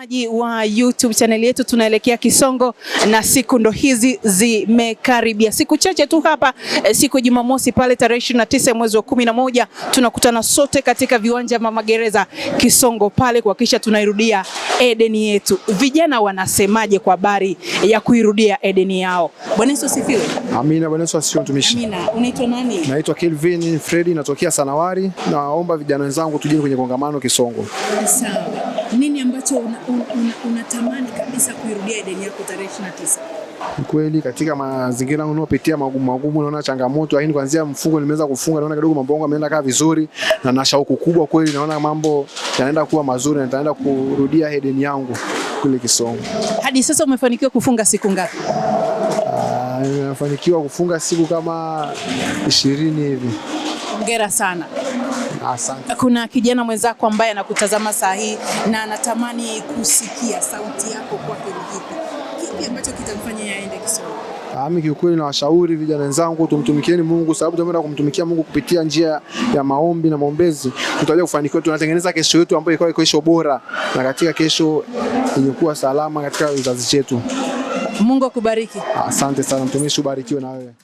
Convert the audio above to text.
Watazamaji wa YouTube channel yetu, tunaelekea Kisongo na siku ndo hizi zimekaribia, siku chache tu hapa, eh, siku ya Jumamosi pale tarehe ishirini na tisa mwezi wa kumi na moja tunakutana sote katika viwanja vya magereza Kisongo pale kuhakikisha tunairudia Edeni yetu. Vijana wanasemaje kwa habari ya kuirudia Edeni yao? Bwana Yesu asifiwe. Amina. Bwana Yesu asifiwe mtumishi. Amina. Unaitwa nani? Naitwa Kelvin Fredi, natokea Sanawari. Naomba vijana wenzangu tujeni kwenye kongamano Kisongo. Sawa nini ambacho unatamani una, una, kabisa kuirudia Eden yako tarehe 29? Kweli katika mazingira yangu magumu magumu, naona changamoto, lakini kuanzia mfungo nimeweza kufunga, naona kidogo mambo yangu yameenda kaa vizuri, na na shauku kubwa kweli, naona mambo yanaenda kuwa mazuri na nitaenda kurudia Eden yangu kule Kisongo. Hadi sasa umefanikiwa kufunga siku ngapi? Ah, nimefanikiwa kufunga siku kama ishirini hivi. Hongera sana. Asante. Kuna kijana mwenzako ambaye anakutazama saa hii na anatamani kusikia sauti yako kwake ni kipi? Kipi ambacho kitamfanya aende Kisoro? Ah, mimi kiukweli nawashauri vijana wenzangu tumtumikieni Mungu, sababu tunaenda kumtumikia Mungu kupitia njia ya maombi na maombezi, tutaja kufanikiwa. Tunatengeneza kesho yetu ambayo ikawa kesho bora na katika kesho ilikuwa salama katika vizazi chetu. Mungu akubariki. Asante sana mtumishi, ubarikiwe na wewe.